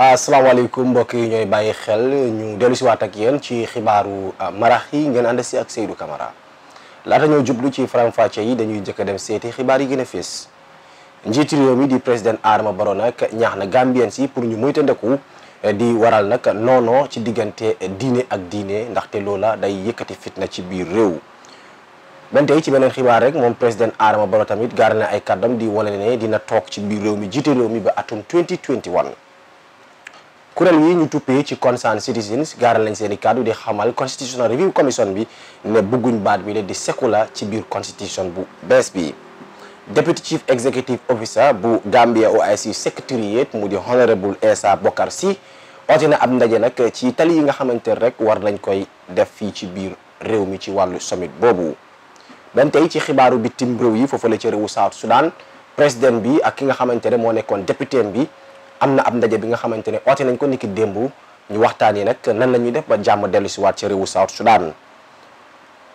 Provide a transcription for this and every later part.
asalaamaaleykum mbokk yi ñooy bàyyi xel ñu dellu si waat ak yéen ci xibaaru ah, marax yi ngeen ànd si ak seydu kamara laata ñoo jublu ci faram-fàcce yi dañuy jëkk dem seeti xibaar yi gën a fees njiitu réew mi di président Adama baro nag ñaax na Gambien si pour ñu moytandiku eh, di waral nag noono ci diggante diine ak diine ndaxte loola day yëkkati fitna ci biir réew. benn tey ci beneen xibaar rek moom président Adama Barrow tamit gaar na ay kàddam di wane ne dina toog ci biir mi jiite réew mi ba atum 2021. kuréel yi ñu tuppee ci concerned citizens gaaral nañ seen i kàddu di xamal constitutional review commission bi ne bëgguñ baat bi le di sekula ci biir constitution bu bees bi deputy chief executive officer bu Gambia OIC secretariat mu di honorable Essa Bokar Sy oote na ab ndaje nag ci tali yi nga xamante rek war nañ koy def fii ci biir réew mi ci wàllu summit boobu ban tey ci xibaaru bitim réew yi foofu foofale ci réewu South Sudan président bi ak ki nga xamante ne moo nekkoon député bi am na ab ndaje bi nga xamante ne oote nañ ko niki démb ñu waxtaan waxtaanee nag nan la ñuy def ba jàmm dellu si waat ci réewu South Sudan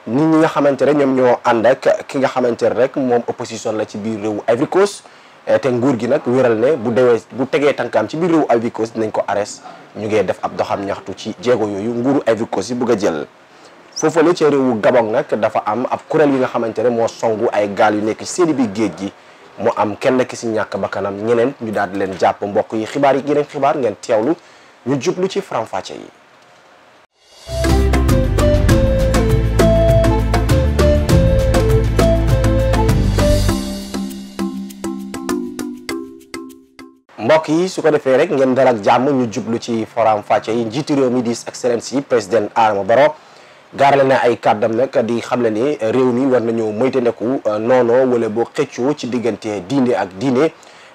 nit ñi nga xamante ne ñoom ñoo ànd ki nga xamante ne rek moom opposition la ci biir réewu Ivory eh, te nguur gi nag wéral ne bu dewee bu tegee tànkaam ci biir réewu Ivory dinañ ko arrest ñu ngee def ab doxam ñaxtu ci jéego yooyu nguuru Ivory yi bëgg a jël foofale ci réewu Gabon nag dafa am ab kuréel yi nga xamante ne moo songu ay gaal yu nekk ci seeni biir géej gi mu am kenn ki si ñàkk bakkanam ñeneen ñu daal di leen jàpp mbokk yi xibaar yi yeneen xibaar ngeen teewlu ñu jublu ci faram-fàcce yi. yi su ko defee rek ngeen dal ak jàmm ñu jublu ci faram-fàcce yi njiitu réew mi di excellence yi président Adama Barrow gaarale na ay kàddam nag di xam ne ni réew mi war nañoo moytandiku euh, noonoo wala boo xëccoo ci diggante diine ak diine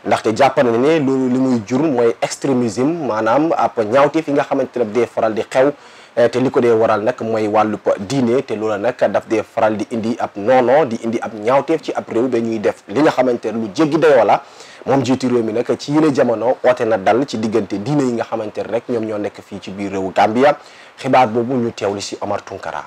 ndaxte jàpp na ne loolu li muy jur mooy extrémisme maanaam app ñaawteef yi nga xamante ne dee faral di xew euh, te li ko dee waral nag mooy wàllub diine te loola nag daf dee faral di indi ab noonoo di indi ab ñaawteef ci ab réew ba ñuy def li nga xamante ne lu jéggi dayoo la moom jiitu réew mi nag ci yile jamono ote na dal ci diggante diine yi nga xamante ne rek ñoom ñoo nekk fii ci biir réewu Gambia xibaar boobu ñu teewli ci Omar Tunkara.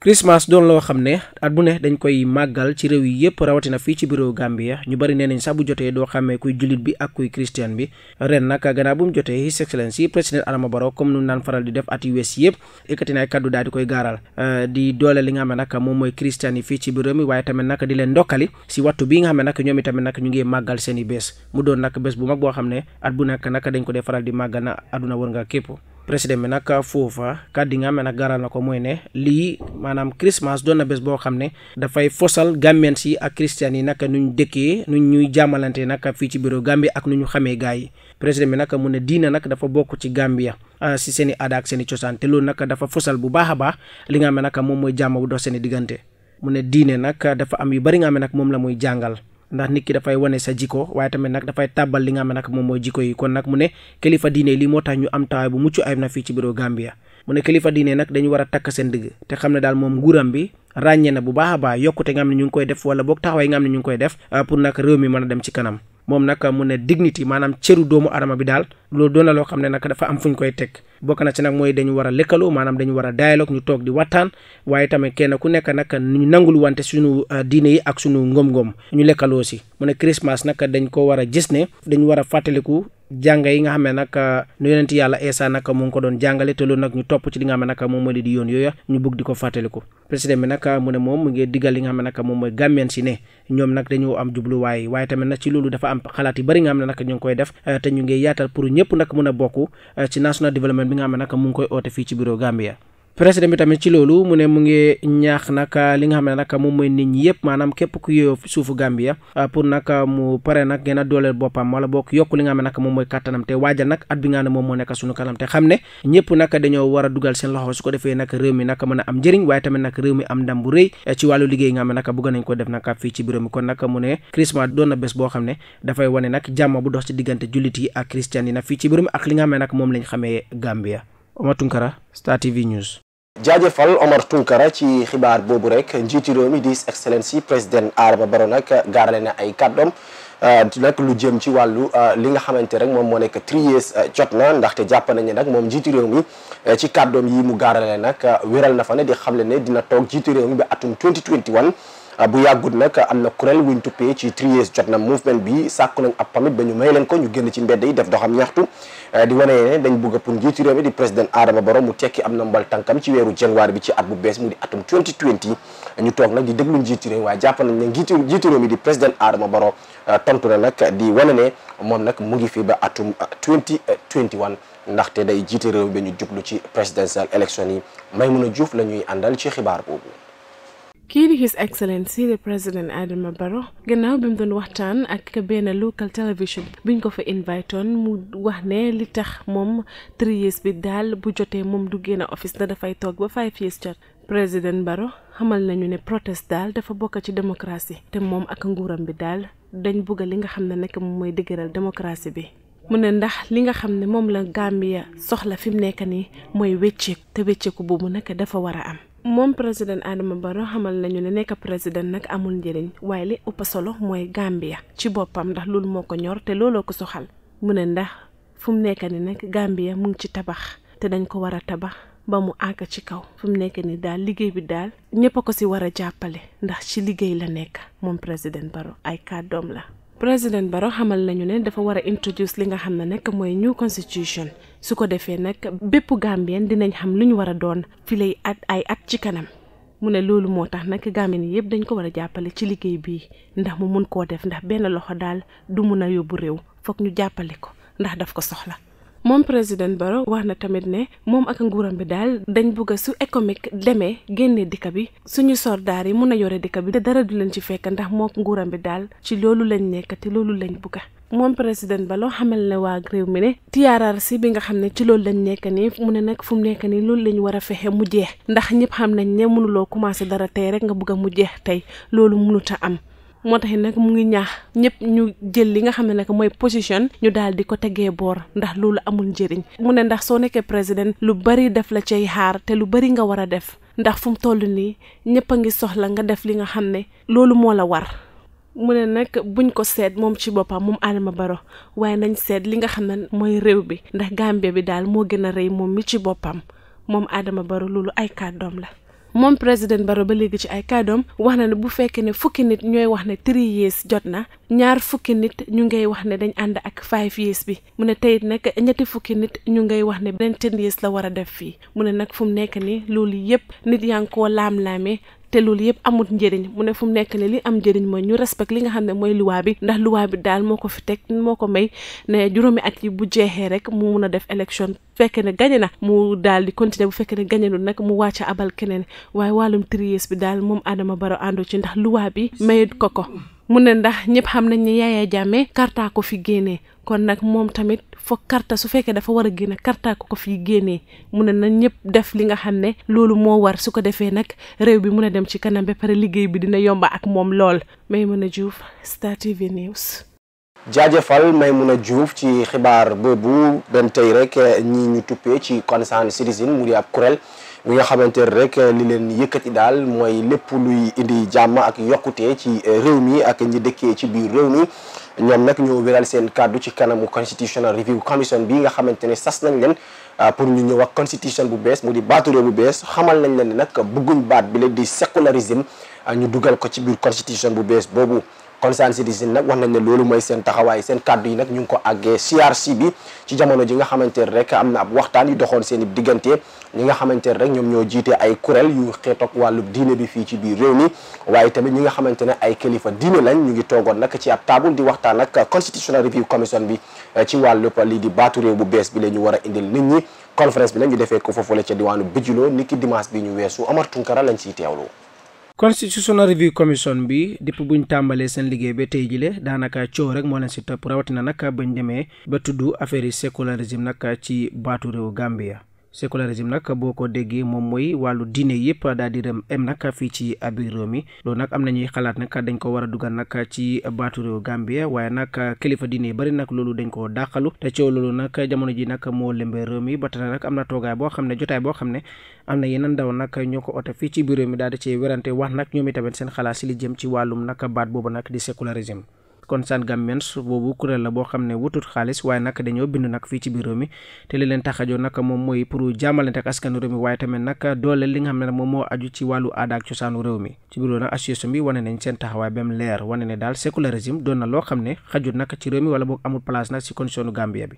Christmas doon loo xam ne at bu ne dañ koy màggal ci réew yi yëpp rawatina fii ci bureau Gambia ñu bari nee nañ sax bu jotee doo xàmmee kuy jullit bi ak kuy christian bi ren nag gannaaw bu mu jotee His Excellency président Adama Barrow comme nu naan faral di def at yu wees yëpp ekkati na kaddu daal di koy gaaral euh, di doole li nga xam ne nag moom mooy christian yi fii ci bureau mi waaye tamit nag di leen ndokkali si wattu bi nga xam ne ñoom itamit nag ñu ngi màggal seen i mu doon nag bés bu mag boo xam ne at bu nekk nag dañ ko dee di màggal na àdduna wër nga képp président bi nag foofa kàddi nga xam ne garal na ko mooy ne lii maanaam Christmas doon na bés boo xam ne dafay fosal gambien si ak christian yi nag nu ñu dëkkee nu ñuy jàmmalantee nag fii ci bureau Gambie ak nu ñu xamee gars yi président bi nag mu ne diine nag dafa bokk ci Gambia ah, si seen i aada ak seen cosaan te loolu nag dafa fosal bu baax a baax li nga xam ne nag moom mooy jàmm bu dox seen diggante mu ne diine nag dafa am yu bari nga xam ne nag moom la muy jàngal ndax nit ki dafay wane sa jikko waaye tamit nag dafay tàbbal li nga xam ne nag moom mooy jikko yi kon nag mu ne kilifa diine lii moo tax ñu am tawaay bu mucc ayib na fii ci bureau Gambia mu ne kilifa diine nag dañu war a takk seen dëgg te xam ne daal moom nguuram bi ràññee na bu baax a baax yokkute nga ne ñu ngi koy def wala boog taxawaay nga xam ne ñu ngi koy def ah, pour nag réew mi mën a dem ci kanam moom nag mu ne dignité maanaam ceru doomu adama bi daal loolu doon loo xam ne nag dafa am fu ñu koy teg bokk na ci nag mooy dañu war a lëkkaloo maanaam dañu war a dialogue ñu toog di waxtaan waaye tamit kenn ku nekk nag ñu nangul wante suñu euh, diine yi ak suñu ngom-ngom ñu lëkkaloo si mu ne Christmas nag dañ ko war a gis ne dañu war a fàttaliku jàng yi nga xam ne nag nu yonent yàlla Eesa nag mu ko doon jàngale te loolu nag ñu topp ci li nga xam ne nag moom moo di yoon yooya ñu bëgg di ko fàttaliku président bi mu ne moom mu ngi diggal li nga xam ne nag moom mooy gàmmeen si ne ñoom nag dañoo am jubluwaay waaye tamit na ci loolu dafa am xalaat yu bëri nga xam ne nag ñu ngi koy def te ñu ngi yaatal pour ñëpp nag mun a bokk ci national development bi nga xam ne nag mu ngi koy oote fii ci bureau Gambia président bi tamit ci loolu mu ne mu ngi ñaax nag li nga xam ne nag moom mooy nit ñi yëpp maanaam képp ku yeyoo suufu Gambia ah, pour nag mu pare nag gën a dooleel boppam wala bokk yokk li nga xam ne moom mooy kàttanam te waajal nag at bi nga xam moo nekk suñu kanam te ne ñëpp nag dañoo a dugal seen loxo su ko defee nag réew mi nag mën am njëriñ waaye tamit nag réew mi am ndam bu rëy eh, ci wàllu liggéey nga xam ko def nag fii ci bureau mi kon nag mu ne Christmas doon na bés boo xam ne dafay wane nag jàmm bu dox ci diggante jullit yi ak christian yi nag fii ci bureau mi ak li nga xam ne nag moom lañ xamee Gambia Omar Tunkara Star TV News jaajëfal Omar Tunkara ci xibaar boobu rek njiitu réew mi dis excellence yi président Adama Barrow nag gaarale na ay kàddoom euh, nag lu jëm ci wàllu euh, li nga xamante rek moom moo nekk tries euh, jot na ndaxte jàpp nañ ne nag moom njiitu réew mi ci kàddoom yi mu gaarale nag wéral na fa ne di xamle ne dina toog njiitu réew mi ba atum 2021 Ah, bu yàggut nag am na kuréel wuñ tuppee ci Trieste jot na mouvement bi sàkku nañ ab pamit ba ñu may leen ko ñu génn ci mbedd yi def doxam ñaxtu eh, di wane ne dañ bëgg pour njiitu réew mi di président Adama Barrow mu tekki am na mbal tànkam ci weeru janvier bi at bu bees mu di atum 2020 ñu toog nag di déglu njiitu réew waaye jàpp nañ ne njiitu njiitu réew mi di président Adama Barrow eh, tontu na nag di wane ne moom nag mu ngi fii ba atum 2021 eh, ndaxte day jiite réew bi ñu jublu ci presidential election yi may Maimouna Diouf la ñuy àndal ci xibaar boobu kii di His Excellency the President Adama Barrow gannaaw bi mu doon waxtaan ak benn local television biñ ko fa invite on mu wax ne li tax moom three years bi daal bu jotee moom du génn office na dafay toog ba five years jot président Barrow xamal nañu ne protest daal dafa bokk ci démocratie te moom ak nguuram bi daal dañ bugg li nga xam ne nekk moom mooy dëgëral démocratie bi. mu ne ndax li nga xam ne moom la Gambia soxla fi mu nekk nii mooy wécceeku te wecceeku boobu nag dafa war a am. moom président Adama Barrow xamal nañu ne nekk président nag amul njëriñ waaye li ëpp solo mooy Gambia ci boppam ndax loolu moo ko ñor te looloo ko soxal mu ne ndax fu mu nekk ni nag Gambia mu ngi ci tabax te dañ ko war a tabax ba mu àgg ci kaw fu mu nekk ni daal liggéey bi daal ñëpp a ko si war a jàppale ndax ci liggéey la nekk moom président Barrow ay kàddoom la. président Barrow xamal nañu ne dafa war a introduce li nga xam ne nag mooy new constitution su ko defee nag bépp Gambien dinañ xam lu ñu war a doon fi lay at ay at ci kanam mu ne loolu moo tax nag Gambien yëpp dañ ko war a jàppale ci liggéey bii ndax mu mun koo def ndax benn loxo daal du mun a yóbbu réew foog ñu jàppale ko ndax daf ko soxla. moom président Barrow wax na tamit ne moom ak nguuram bi daal dañ bugg a su économique demee génnee dëkk bi suñu sordaar yi mun a yore dëkk bi te dara du leen ci fekk ndax moom nguuram bi daal ci loolu lañ nekk te loolu lañ bugg moom président Barrow xamal ne waa réew mi ne TRRC bi nga xam ne ci loolu lañ nekk nii mu ne nag fu mu nekk nii loolu lañ war a fexe mu jeex ndax ñëpp xam nañ ne mënuloo commencé dara tey rek nga bugg a mu jeex tey loolu mënut a am. moo tax nag mu ngi ñaax ñëpp ñu jël li nga xam ne nag mooy position ñu daal ko tegee boor ndax loolu amul njëriñ mu ne ndax soo nekkee président lu bari def la cay xaar te lu bari nga war a def ndax fu mu toll nii ñëpp a ngi soxla nga def li nga xam ne loolu moo la war. mu ne nag buñ ko seet moom ci boppam moom Adama Barrow waaye nañ seet li nga xam ne mooy réew bi ndax Gambie bi daal moo gën a rëy moom mi ci boppam moom aadama Barrow loolu ay kàddoom la. moom président Barrow ba léegi ci ay kàddoom wax na ne bu fekkee ne fukki nit ñooy wax ne three years jot na ñaar fukki nit ñu ngay wax ne dañ ànd ak five years bi mu ne teyit nag ñetti fukki nit ñu ngay wax ne beneen ten years la war a def fii mu ne nag fu mu nekk ni loolu yëpp nit yaa ngi koo laam-laamee te loolu yëpp amut njëriñ mu ne fu mu nekk ne li am njëriñ mooy ñu respect li nga xam ne mooy luwaa bi ndax luwaa bi daal moo ko fi teg moo ko may ne juróomi at yi bu jeexee rek mu mun a def élection bu fekkee ne gañe na mu daal di continuer bu fekkee ne gañenul nag mu wàcc abal keneen waaye wàllum tries bi daal moom Adama Barrow àndu ci ndax luwaa bi mayut ko ko mu ne ndax ñëpp xam nañ ne Yaya Jammeh karta ko fi génnee kon nag moom tamit foog karta su fekkee dafa war a génne karta ko ko fii génnee mu na na ñëpp def li nga xam ne loolu moo war su ko defee nag réew bi mun a dem ci kanam ba pare liggéey bi dina yomba ak moom lool may a Diouf Star TV News. jaajëfal a Diouf ci xibaar boobu benn tey rek eh, ñi ñu tuppee ci concerned citizen mu di ab kuréel. li nga xamante ne rek li leen yëkkati daal mooy lépp luy indi jàmm ak yokkute ci eh, réew mi ak ñi dëkkee ci biir réew mi ñoom nag ñoo wéral seen kàddu ci kanamu constitutional review commission bi nga xamante ne sas nañ leen ah, pour ñu ñëw ak constitution bu bees mu di baatu réew bu bees xamal nañ leen ne nag bëgguñ baat bi la di sécularisme ah, ñu dugal ko ci biir constitution bu bees boobu. concerned citizen nag wax nañ ne loolu mooy seen taxawaay seen kàddu yi nag ñu ngi ko àggee CRC bi ci jamono ji nga xamante ne rek am na ab waxtaan yu doxoon seen i diggante ñi nga xamante ne rek ñoom ñoo jiite ay kuréel yu xeetoog wàllu diine bi fii ci biir réew mi waaye tamit ñi nga xamante ne ay kilifa diine lañ ñu ngi toogoon nag ci ab table di waxtaan ak constitutional review commission bi eh, ci wàllu lii di baatu réew bu bees bi la ñu war a indil nit ñi conférence bi nag ñu defee ko foofule ca diwaanu Bijilo niki dimanche bi ñu weesu Omar lañ ciy teewlu constitutional review commission bi depuis buñ tàmbalee seen liggéey ba tey jile daanaka coow rek moo leen si topp rawatina nag bañ demee ba tudd affaire yi sécularisme nag ci baatu réewu Gambia. sécularisme nag boo ko déggee moom mooy wàllu diine yëpp daal di rem em nag fii ci biir réew mi loolu nag am na ñuy xalaat nag dañ ko war a dugal nag ci baatu réew Gambie waaye nag kilifa diine yi bëri nag loolu dañ koo dàqalu te coow loolu nag jamono ji nag moo lëmbee réew mi ba tax nag am na toogaay boo xam ne jotaay boo xam ne am na yeneen ndaw nag ñoo ko ote fii ci biir réew mi daal di ci werante wax nag ñoom itamit seen xalaat si li jëm ci wàllum nag baat boobu nag di sécularisme Concerned Gambians boobu kuréel la boo xam ne wutut xaalis waaye nag dañoo bind nag fii ci biir réew mi te li leen tax a jóg nag moom mooy pour jàmmalante ak askanu réew mi waaye tamit nag dooleel li nga xam ne moom moo aju ci wàllu aada ak cosaanu réew mi ci biir nag association bi wane nañ seen taxawaay ba mu leer wane ne daal sécularisme doon na loo xam ne xajut nag ci réew mi wala boog amul place nag ci constitution Gambia bi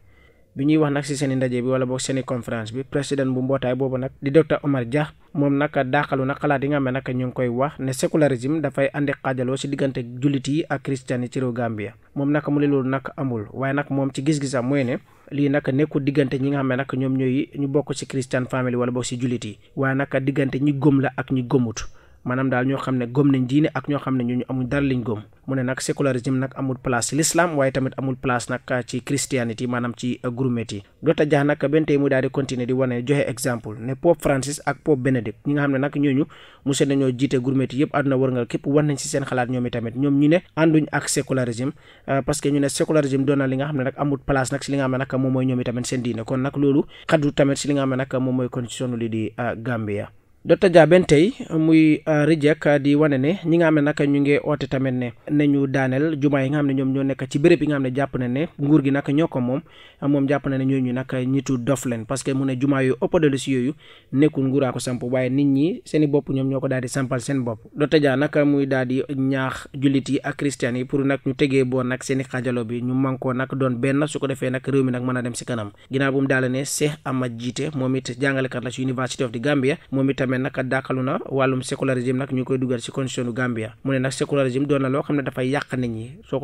bi ñuy wax nag si seen ndaje bi wala boo seeni i conférence bi président bu mbootaay boobu nag di docteur Omar Dia moom nag daaxalu na xalaat yi nga xam ne nag ñu ngi koy wax ne sécularisme dafay andi xaajaloo si diggante jullit yi ak christian yi ci réew Gambia moom nag mu loolu nag amul waaye nag moom ci gis-gisam mooy ne lii nag nekkul diggante ñi nga xam ne nag ñoom ñooy ñu bokk si christian family wala boo si jullit yi waaye nag diggante ñi gëm la ak ñi gëmut maanaam daal ñoo xam ne gëm nañ diine ak ñoo xam ne ñooñu amuñ dara liñ gëm mu ne nag sécularisme nag amul place ci l'islam waaye tamit amul place nag ah, ci christianité maanaam ci ah, groupement yi Dota Dia nag benn tey mu daal di continuer di wane joxe exemple ne Pope Francis ak Pope Benedict ñi nga xam ne nag ñooñu monsieur dañoo jiite groupement yi yëpp àdduna wërngal képp wan nañ ci seen xalaat ñoom i tamit ñoom ñu ne ànduñ ak sécularisme ah, parce que ñu ne sécularisme doon na li nga xam ne nag amul place nag ci li nga xam ne nag moom mooy ñoom i tamit seen diine kon nag loolu xaddu tamit ci li nga xam ne nag moom mooy constitution li di Gambia Docteur Dia benn tey muy euh, Rijek euh, di wane ne ñi nga xam ne nag ñu ngi oote tamit ne ñu daaneel jumaa yi nga xam ne ñoom ñoo nekk ci béréb yi nga xam ne jàpp na ne nguur gi nag ñoo ko moom moom jàpp na ne ñooñu nag ñitu dof leen parce que mu ne jumaa yu ëpp de yooyu nekkul nguuraa ko samp waaye nit ñi bopp ñoom ñoo ko daal di sampal seen bopp Docteur Dia nag muy daal di ñaax jullit yi ak christian yi pour nag ñu tegee boo nag seen i bi ñu koo nag doon benn su ko defee nag réew mi nag mën a dem si kanam ginnaaw bu mu daal ne Cheikh Ahmad Jiite moom it jàngalekat la si University of the Gambia moom it demee nag dàkkalu na wàllum sécularisme nag ñu koy dugal si constitution du Gambia mu ne nag sécularisme na loo xam ne dafay yàq nit ñi soo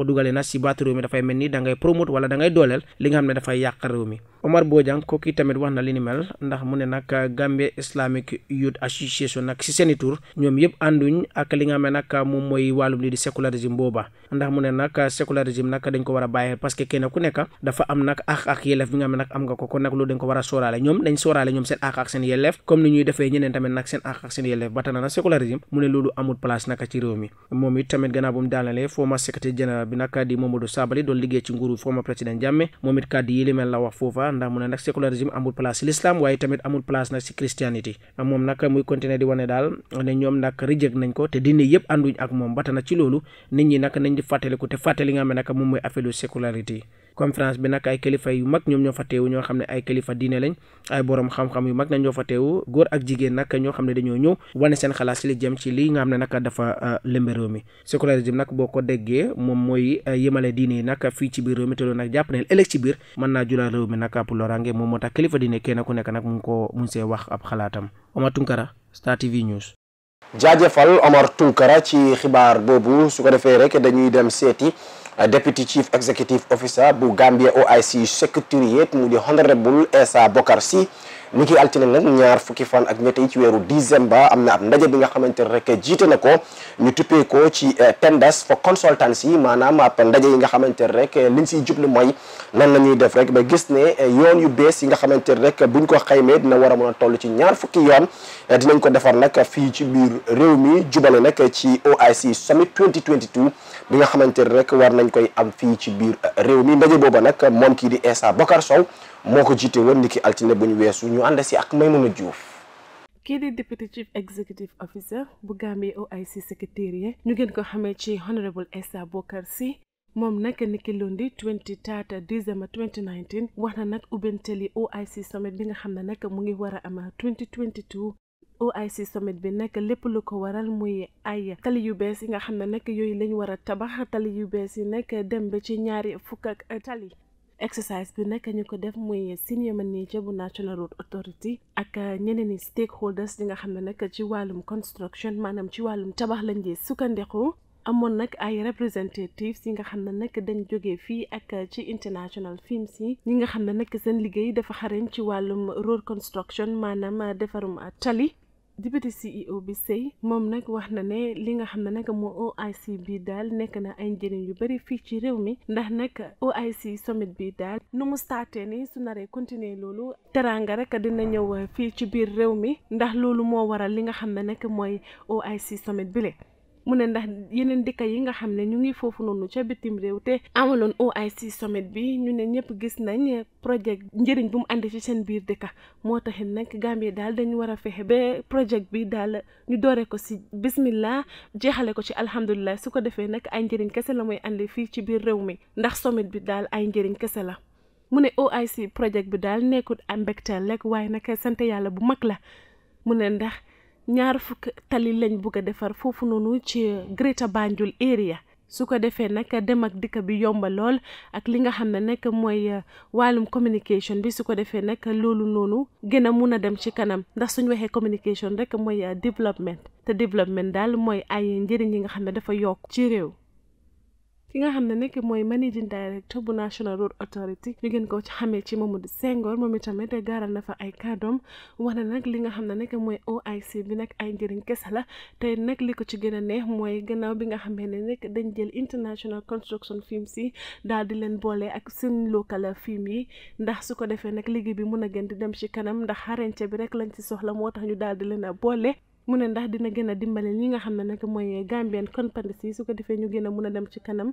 na li ni mooy wàllum lii di sécularisme booba ndax mu ne nag sécularisme nag dañ ko war a bàyyi parce que kenn ku nekk dafa am nag ak ak yelleef bi nga xam ne nag am nga ko kon nag loolu dañ ko war a sóoraale ñoom dañ sóoraale ñoom seen ak ak seen yelleef comme ni ñuy defee ñeneen tamit nag seen àq ak loolu amul place naka ci réew moom it tamit gannaaw mu daanalee former secrétaire général bi naka moom it kàddu yi li mel foofa ndax mu ne nag sécularisme amul place waaye tamit amul place nag ci moom nag muy continuer di wane daal ne ñoom nag reject nañ ko te diine yëpp ànduñ ak moom ba na ci loolu nit ñi nag nañ di fàttaliku te fàttali nga xam ne nag moom mooy affaire conférence bi nag ay kilifa yu mag ñoom ñoo fa teewu ñoo xam ne ay kilifa diine lañ ay borom xam-xam yu mag nañ ñoo fa teewu góor ak jigéen nag ñoo xam ne dañoo dafa euh, lëmbe réew mi sécularisme nag Omar Tunkara Star TV News jaajëfal Omar Tunkara ci xibaar boobu su ko defee rek dañuy dem seeti deputy chief executive officer bu Gambia OIC secretariat mu di honorable Essa Bokar ni ki altine nag ñaar fukki fan ak ñett yi ci weeru décembre am na ab ndaje bi nga xamante ne rek jiite na ko ñu tuppee ko ci eh, tenders for consultancy maanaam ab ndaje yi nga xamante ne rek eh, liñ siy jublu mooy nan na ñuy def rek ba gis ne eh, yoon yu bees yi nga xamante ne rek buñ ko xaymee dina war a mën a toll ci ñaar fukki yoon dinañ ko defar nag fii ci biir réew mi jubale nag ci OIC summit 2022 bi nga xamante ne rek war nañ koy am fii ci biir réew mi ndaje booba nag moom kii di Essa Bokar Sow moo ko jiite woon niki altine bu ñu weesu ñu ànd si ak Maimouna Diouf. kii di député chief executive officer bu Gambie OIC secrétariat ñu gën ko xamee ci honorable Essa Bokar si moom nag niki lundi 23 décembre 2019 wax na nag ubbenteli OIC summit bi nga xam ne nag mu ngi war a am 2022. OIC summit bi nag lépp lu ko waral muy ay tali yu bees yi nga xam ne nag yooyu lañu war a tabax tali yu bees yi nag dem ba ci ñaari fukk ak tali exercise bi nag ñu ko def muy senior manager bu National Road Authority ak euh, ñeneen i stakeholders yi nga xam ne nag ci wàllum construction maanaam ci wàllum tabax lañ jee sukkandiku amoon nag ay representatives yi nga xam ne nag dañ jógee fii ak euh, ci international films yi ñi nga xam ne nag seen liggéey dafa xarañ ci wàllum road construction maanaam euh, defarum tali député CEO bi Sèye moom nag wax na ne li nga xam ne nag moo OIC bii daal nekk na ay njëriñ yu bëri fii ci réew mi ndax nag OIC summit bii daal nu mu staatee ni su naree continuer loolu teraanga rek dina ñëw fii ci biir réew mi ndax loolu moo waral li nga xam ne nag mooy OIC summit bi le mu ne ndax yeneen dikka yi nga xam ne ñu ngi foofu noonu ca bitim réew te amaloon OIC summit bi ñu ne ñëpp gis nañ projet njëriñ bu mu àndi ci seen biir dëkk moo taxit nag Gambie daal dañu war a fexe ba projet bi daal ñu doore ko si bismillah jeexale ko ci alhamdulilah su ko defee nag ay njëriñ kese la muy àndi fii ci biir réew mi ndax summit bi daal ay njëriñ kese la. mu ne OIC projet bi daal nekkut am mbégteel rek waaye nag sant yàlla bu mag la mu ñaar fukk tali lañ bugg a defar foofu noonu ci Greater Banjul area su ko defee nag dem ak dikk bi yomba lool ak li nga xam ne nag mooy uh, wàllum communication bi su ko defee nag loolu noonu gën a mun a dem ci kanam ndax suñ waxee communication rek mooy uh, développement te développement daal mooy ay njëriñ yi nga xam ne dafa yokk ci réew ki nga xam ne nekk mooy managing director bu National Road Authority ñu gën ko ci xamee ci Mamadou Senghor moom itamit gaaral na fa ay kàddoom wax na nag li nga xam ne nekk mooy OIC bi nag ay njëriñ kese la te nag li ko ci gën a neex mooy gannaaw bi nga xamee ne nekk dañ jël international construction films yi daal di leen boole ak seen local film yi ndax su ko defee nag liggéey bi mun a gën di dem ci kanam ndax xarañte ceeb rek lañ ci soxla moo tax ñu daal di leen a boole mu ne ndax dina gën a dimbale ñi nga xam ne nag mooy Gambian companies yi su ko defee ñu gën a mun a dem ci kanam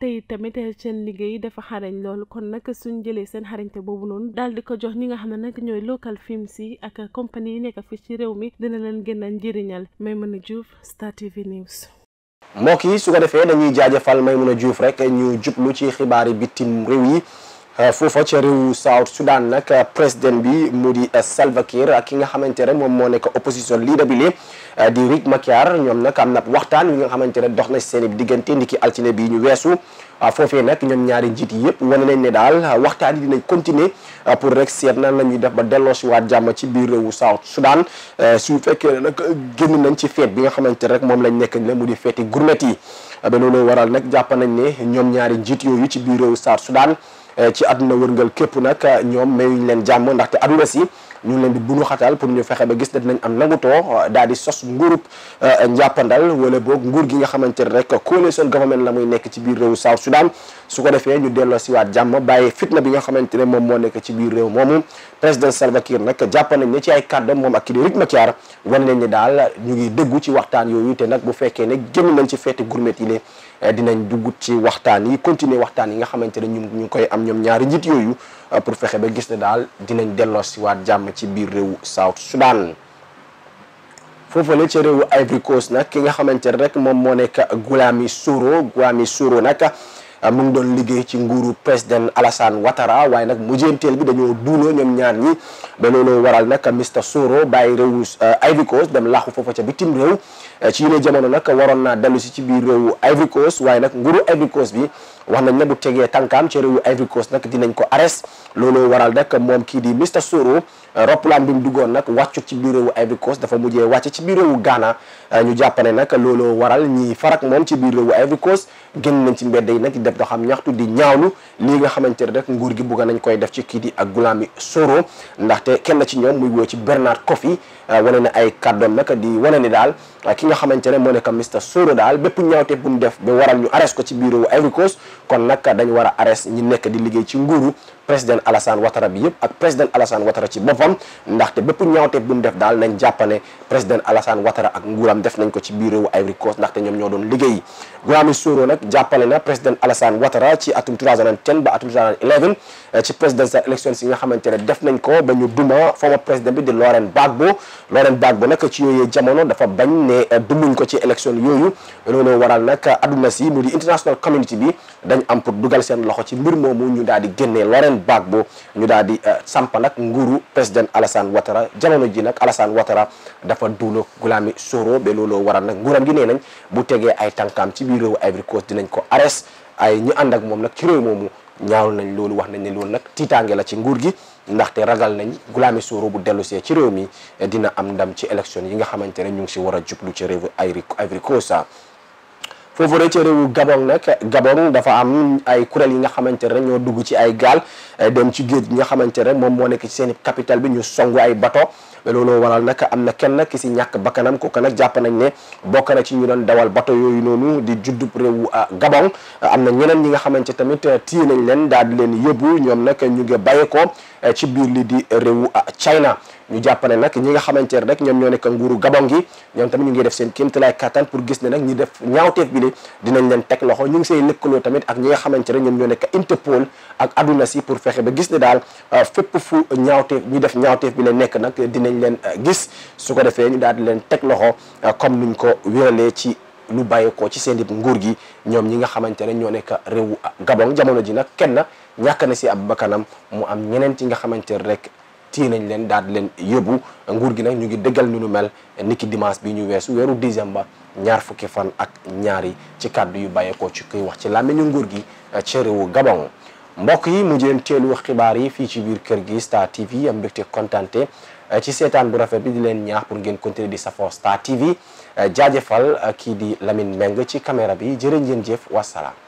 tey tamit seen liggéey dafa xarañ loolu kon nag suñ jëlee seen xarañte boobu noonu daal di ko jox ñi nga xam ne nag ñooy local films si ak compagnie yi nekk fii ci réew mi dina leen gën a njëriñal Maimouna Diouf Star TV News. mbokk yi su ko defee dañuy jaajëfal a Diouf rek ñu jublu ci xibaari bitim réew yi. foofa ca réewu South Sudan nag eh, président bi mu di eh, Salva Kiir ak ki nga xamante ne moom moo nekk opposition leader bi lee eh, di Riek Machar ñoom nag am na waxtaan wi nga xamante ne dox na seen diggante ndiki altine bi ñu weesu ah, foofee nag ñoom ñaari njiit yi yëpp wane nañ ne daal ah, waxtaan yi dinañ continuer ah, pour rek seet nan la ñuy def ba delloosiwaat jàmm ci biir réewu South Sudan su fekkee nag génn nañ ci feet bi nga xamante rek moom lañ nekk ne mu di feeti gurmet yi ba loolu waral nag jàpp nañ ne ñoom ñaari njiit yooyu ci biir réewu South Sudan Eh, ci àdduna wërngal képp nag eh, ñoom mayuñ leen jàmm ndaxte àdduna si ñu leen di bunu pour ñu fexe ba gis ne dinañ am too eh, daal di sos nguurub njàppandal wala boog nguur gi nga xamante ne rek coalition government la muy nekk ci biir réew South Sudan su ko defee ñu delloo siwaat jàmm bàyyi fitna bi nga xamante ne moom moo nekk ci biir réew moomu président Salva Kiir nag jàpp nañ ne ci ay kàddam moom ak kii di Riek Machar wan nañ ne daal ñu ngi déggu ci waxtaan yooyu te nag bu fekkee ne génn nañ ci feeti gourmet yi Eh, dinañ dugg ci waxtaan yi continuer waxtaan yi nga xamante ne ñu ñu koy am ñoom ñaari njiit yooyu eh, pour fexe ba gis ne daal dinañ delloosiwaat jàmm ci biir réewu South Sudan. foofale ci réewu Ivory Coast nag ki nga xamante ne rek moom moo nekk Guillaume Soro Guillaume Soro nag. Ah, mu ngi doon liggéey ci nguuru président Alassane Ouattara waaye nag mujjanteel bi dañoo duuloo ñoom ñaar ñi ba loolu waral nag Mr Soro bàyyi réewu eh, Ivory Coast dem laaxu foofa ca bitim réew eh, ci yeneen jamono nag waroon naa dellu si ci biir réewu Ivory Coast waaye nag nguuru Ivory Coast bi wax nañ ne bu tegee tànkaam ci réewu Ivory Coast nag dinañ ko arrest loolu waral nag moom kii di Mr Soro. roppalaan bi mu duggoon nag wàccu ci biir wu Ivory Coast dafa mujjee wàcc ci biir réewu Ghana euh, ñu jàpp ne nag looloo waral ñi farak moom ci biir réewu Ivory Coast génn nañ ci mbedd yi nag di def doxam ñaxtu di ñaawlu lii nga xamante ne rek nguur gi bugg nañ koy def ci kii di ak Goulambi Soro ndaxte kenn ci ñoom muy woo ci Bernard Coffey Euh, wane na ay kàddoom nag di wane ni daal euh, ki nga xamante ne moo nekk Mister Soro daal bépp ñaawte bu def ba waral ñu arrest ko ci bureau Ivory Coast kon nag dañ war a arrest ñi nekk di liggéey ci nguuru président Alassane Ouattara bi yëpp ak président Alassane Ouattara ci boppam ndaxte bépp ñaawte bu mu def daal nañ jàppane président Alassane Ouattara ak nguuram def nañ ko ci bureau Ivory Coast ndaxte ñoom ñoo doon liggéey Grammy Soro nag na président Alassane Ouattara ci atum ci présidential élection si nga xamante ne def nañ ko ba ñu duma former président bi di Laurent Gbagbo Laurent Gbagbo nag ci yooyu jamono dafa bañ ne eh, dumuñ ko ci élection yooyu loolu waral nag adduna si mu di international community bi dañ am pour dugal seen loxo ci mbir moomu ñu daal di génnee Laurent Gbagbo ñu daal di eh, samp nag nguuru président Alassane Ouattara jamono ji nag Alassane Ouattara dafa duuna Gulaami Soro ba looloo waral nag nguuram gi nee nañ bu tegee ay tànkaam ci biir réewu Ivory Coast dinañ ko arrest ay ñu ànd ak moom nag ci réew moomu ñaaw nañ loolu wax nañ ne loolu nag tiitaange la ci nguur gi ndaxte ragal nañ Goulamé Soro bu dellusee ci réew mi dina am ndam ci élection yi nga xamante ne ñu ngi si war a jublu ci réewu Ivory saa foofu rek ci réewu Gabon nag Gabon dafa am ay kuréel yi nga xamante ne ñoo dugg ci ay gaal eh, dem ci géej gi nga xamante ne moom moo nekk ci seen capital bi ñu songu ay bato ba looloo waral nag am na kenn ki si ñàkk bakkanam kooku nag jàpp nañ ne bokk na ci ñu doon dawal bato yooyu noonu di juddub réewu ah, Gabon am na ñeneen ñi nga xamante tamit ah, téye nañ leen daal di leen yóbbu ñoom nag ñu ngi bàyyeekoo ah, ci biir li di réewu China ñu jàpp nag ñi nga xamante ne rek ñoom ñoo nekk nguuru gabon gi ñoom tamit ñu ngi def seen kéemtalaay kattan pour gis ne nag ñu def ñaawteef bi li dinañ leen teg loxo ñu ngi sey lëkkaloo tamit ak ñi nga xamante ne ñoom ñoo nekk Interpol ak si pour fexe ba gis ne daal euh, fépp fu ñaawteef ñu def ñaawteef bi la nekk nag dinañ leen euh, gis su ko defee ñu daal di leen teg loxo euh, comme nuñ ko wéralee ci lu bàyyeekoo ci seen nguur gi ñoom ñi nga xamante ne ñoo nekk réewu Gabon jamono ji nag kenn ñàkk na si ab bakkanam mu am ñeneen ci nga xamante ne rek téye nañ leen daal leen yóbbu nguur gi nag ñu ngi dëggal nu nu mel niki dimanche bi ñu weesu weeru décembre ñaar fukki fan ak ñaari ci kàddu yu bàyyeekoo ci kuy wax ci làmmiñu nguur gi eh, ci wu Gabon mbokk yi mu jëm teelu xibaar yi fii ci biir kër gi Star TV am mbégte kontante eh, ci seetaan bu rafet bi di leen ñaax pour ngeen continuer di safoo Star TV eh, jaajëfal kii di Lamine Meng ci caméra bi jërë ngeen jëf wasalaam